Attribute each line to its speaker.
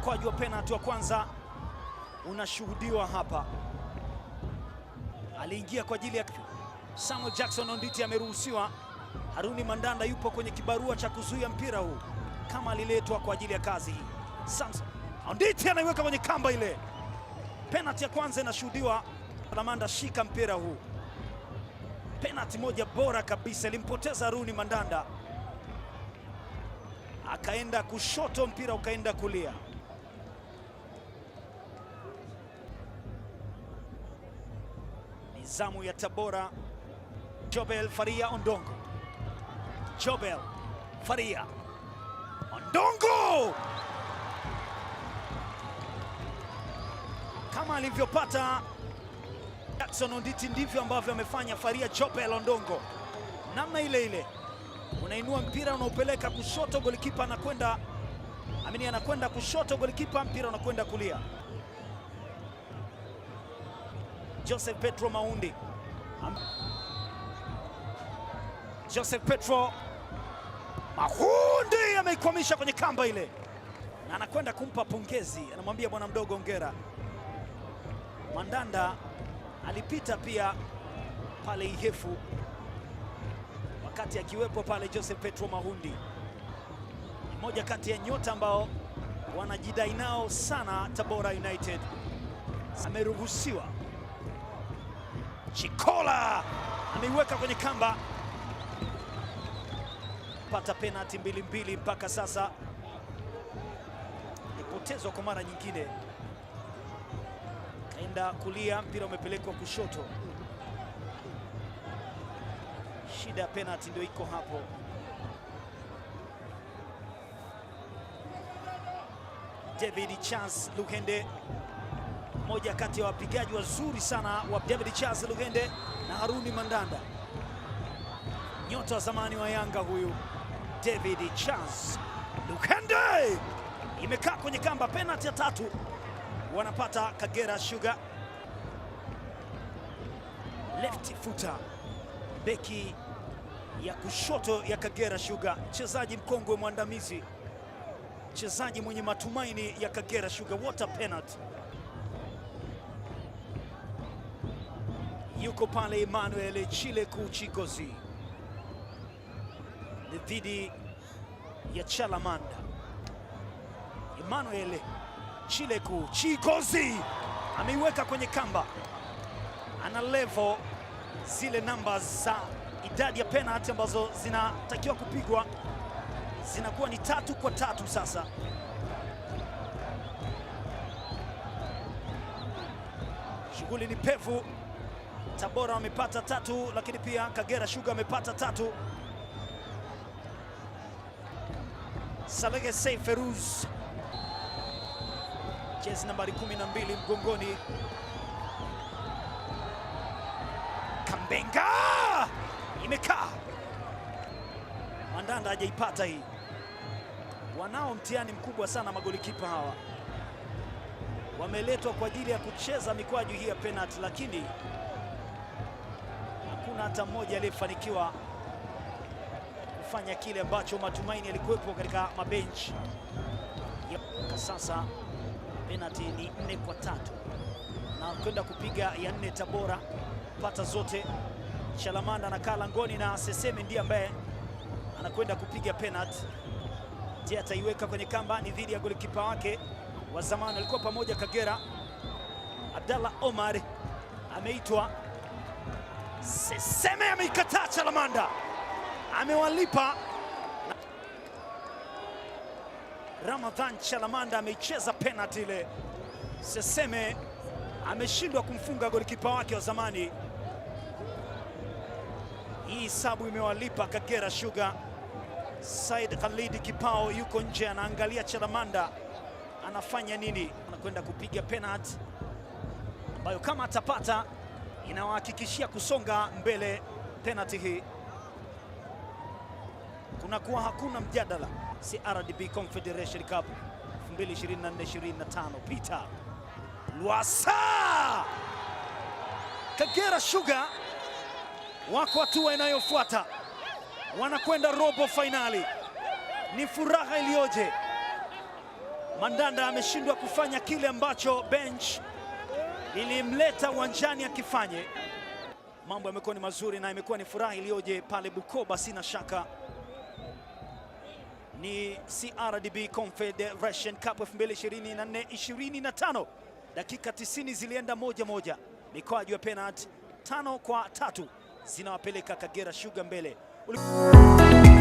Speaker 1: Mkwaju wa penalti wa kwanza unashuhudiwa hapa, aliingia kwa ajili ya Samuel Jackson Onditi, ameruhusiwa. Haruni Mandanda yupo kwenye kibarua cha kuzuia mpira huu, kama aliletwa kwa ajili ya kazi hii. Samson Onditi anaiweka kwenye kamba ile. Penalti ya kwanza inashuhudiwa. Lamanda, shika mpira huu. Penalti moja bora kabisa, ilimpoteza Haruni Mandanda, akaenda kushoto, mpira ukaenda kulia. zamu ya Tabora. Jobel Faria Ondongo, Jobel Faria Ondongo, kama alivyopata Jackson Onditi ndivyo ambavyo amefanya Faria Jobel Ondongo, namna ile ile, unainua mpira unaupeleka kushoto, golikipa anakwenda amini, anakwenda kushoto, golikipa mpira unakwenda kulia. Joseph Petro Maundi. Joseph Petro Maundi ameikwamisha kwenye kamba ile, na anakwenda kumpa pongezi, anamwambia bwana mdogo, ongera. Mandanda alipita pia pale Ihefu wakati akiwepo pale Joseph Petro Maundi, mmoja kati ya nyota ambao wanajidai nao sana Tabora United ameruhusiwa Chikola ameiweka kwenye kamba, pata penalti mbili mbili mpaka sasa, ipotezwa kwa mara nyingine. Kaenda kulia, mpira umepelekwa kushoto. Shida ya penalti ndio iko hapo. David Chance Luhende moja kati ya wapigaji wazuri sana wa David Charles Lugende na Haruni Mandanda, nyota wa zamani wa Yanga huyu David Charles Lugende. Imekaa kwenye kamba, penalti ya tatu wanapata Kagera Sugar. Left footer beki ya kushoto ya Kagera Sugar, mchezaji mkongwe mwandamizi, mchezaji mwenye matumaini ya Kagera Sugar. What a penalty! yuko pale Emmanuel Chileku Chikozi dhidi ya Chalamanda. Emmanuel Chileku Chikozi ameiweka kwenye kamba, ana level zile namba za idadi ya penalti ambazo zinatakiwa kupigwa, zinakuwa ni tatu kwa tatu sasa. Shughuli ni pevu. Tabora wamepata tatu, lakini pia Kagera Sugar amepata tatu. Salege Seif Feruz jezi nambari 12 mgongoni. Kambenga imekaa, Mandanda hajaipata hii. Wanao mtihani mkubwa sana magolikipa hawa, wameletwa kwa ajili ya kucheza mikwaju hii ya penalti, lakini hakuna hata mmoja aliyefanikiwa kufanya kile ambacho matumaini yalikuwepo katika mabenchi. Sasa penalty ni nne kwa tatu na kwenda kupiga ya nne Tabora, pata zote. chalamanda anakaa langoni na Seseme ndiye ambaye anakwenda kupiga penalty. Je, ataiweka kwenye kamba? Ni dhidi ya golikipa wake wa zamani, alikuwa pamoja Kagera, Abdallah Omar ameitwa Siseme ameikataa Chalamanda, amewalipa. Ramadhan Chalamanda ameicheza penalti ile. Seseme ameshindwa kumfunga golikipa wake wa zamani. Hii sabu imewalipa Kagera Sugar. Said Khalidi Kipao yuko nje anaangalia Chalamanda anafanya nini, anakwenda kupiga penalti ambayo kama atapata inawahakikishia kusonga mbele. Penalty hii kunakuwa hakuna mjadala. CRDB Confederation Cup 2024-2025 Peter Lwasa Kagera Sugar wako hatua inayofuata, wanakwenda robo fainali. Ni furaha iliyoje! Mandanda ameshindwa kufanya kile ambacho bench ilimleta uwanjani akifanye mambo yamekuwa ni mazuri na imekuwa ni furaha iliyoje pale Bukoba. Sina shaka ni CRDB Confederation Cup 2024 25. Dakika 90 zilienda moja moja, mikwaju ya penalti tano kwa tatu zinawapeleka Kagera Sugar mbele Uli...